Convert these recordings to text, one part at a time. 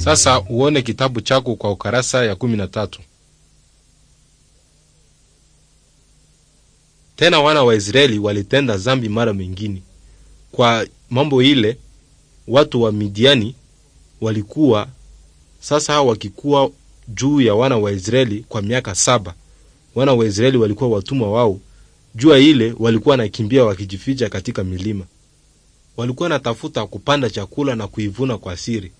Sasa uone kitabu chako kwa ukarasa ya kumi na tatu. Tena wana wa Israeli walitenda zambi mara mengine. Kwa mambo ile watu wa Midiani walikuwa sasa wakikuwa juu ya wana wa Israeli kwa miaka saba. Wana wa Israeli walikuwa watumwa wao. Jua ile walikuwa nakimbia wakijificha katika milima, walikuwa natafuta kupanda chakula na kuivuna kwa siri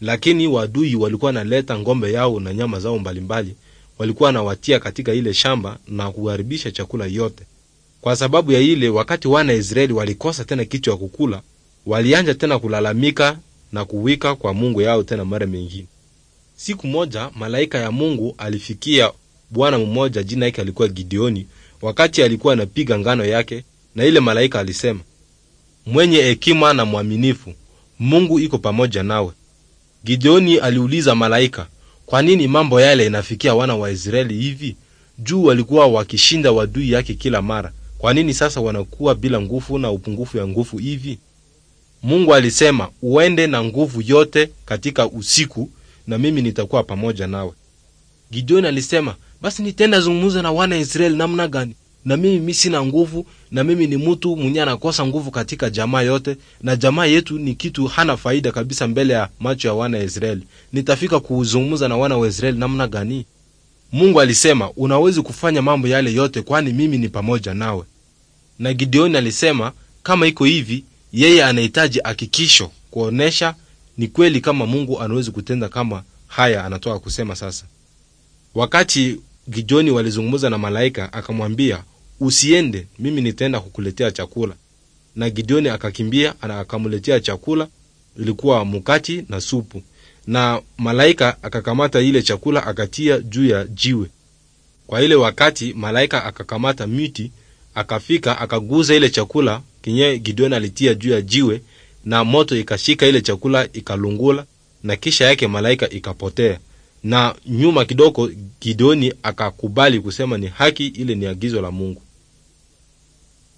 lakini wadui walikuwa naleta ngombe yao na nyama zao mbalimbali, walikuwa nawatia katika ile shamba na kuharibisha chakula yote. Kwa sababu ya ile, wakati wana Israeli walikosa tena kitu ya kukula, walianja tena kulalamika na kuwika kwa Mungu yao tena mara mengine. Siku moja malaika ya Mungu alifikia bwana mmoja, jina yake alikuwa Gideoni, wakati alikuwa anapiga ngano yake, na ile malaika alisema, mwenye hekima na mwaminifu, Mungu iko pamoja nawe Gideoni aliuliza malaika, kwa nini mambo yale inafikia wana wa Israeli hivi? Juu walikuwa wakishinda wadui yake kila mara, kwa nini sasa wanakuwa bila nguvu na upungufu ya nguvu hivi? Mungu alisema, uende na nguvu yote katika usiku na mimi nitakuwa pamoja nawe. Gideoni alisema, basi nitenda zungumza na wana Israeli namna gani? na mimi mi sina nguvu, na mimi ni mtu mwenye anakosa nguvu katika jamaa yote, na jamaa yetu ni kitu hana faida kabisa mbele ya macho ya wana wa Israeli. Nitafika kuzungumza na wana wa Israeli namna gani? Mungu alisema unawezi kufanya mambo yale yote, kwani mimi ni pamoja nawe. Na Gideoni alisema kama iko hivi, yeye anahitaji hakikisho kuonesha ni kweli kama Mungu anawezi kutenda kama haya anatoka kusema sasa. Wakati Gideoni walizungumza na malaika, akamwambia usiende, mimi nitaenda kukuletea chakula. Na Gideoni akakimbia na akamletea chakula, ilikuwa mukati na supu, na malaika akakamata ile chakula akatia juu ya jiwe. Kwa ile wakati malaika akakamata miti, akafika akaguza ile chakula kinye Gideoni alitia juu ya jiwe, na moto ikashika ile chakula ikalungula, na kisha yake malaika ikapotea na nyuma kidogo Gideoni akakubali kusema ni haki, ile ni agizo la Mungu.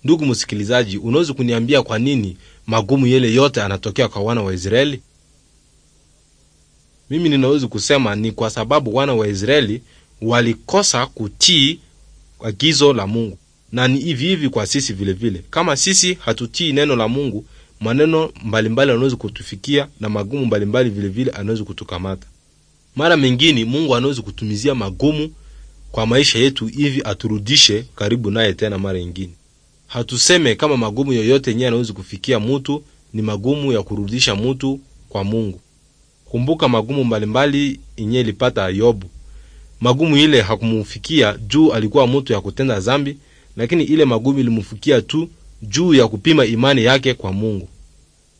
Ndugu msikilizaji, unaweza kuniambia kwa nini magumu yale yote anatokea kwa wana wa Israeli? Mimi ninaweza kusema ni kwa sababu wana wa Israeli walikosa kutii agizo la Mungu, na ni hivi hivi kwa sisi vilevile vile. Kama sisi hatutii neno la Mungu, maneno mbalimbali anaweza kutufikia na magumu mbalimbali vile anaweza kutukamata. Mara mengine Mungu anaweza kutumizia magumu kwa maisha yetu hivi aturudishe karibu naye tena mara nyingine. Hatuseme kama magumu yoyote yenye yanaweza kufikia mutu ni magumu ya kurudisha mutu kwa Mungu. Kumbuka magumu mbalimbali yenye ilipata Yobu. Magumu ile hakumufikia juu alikuwa mutu ya kutenda zambi, lakini ile magumu ilimfikia tu juu ya kupima imani yake kwa Mungu.